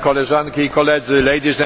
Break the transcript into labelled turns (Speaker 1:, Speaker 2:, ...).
Speaker 1: Koleżanki i koledzy, ladies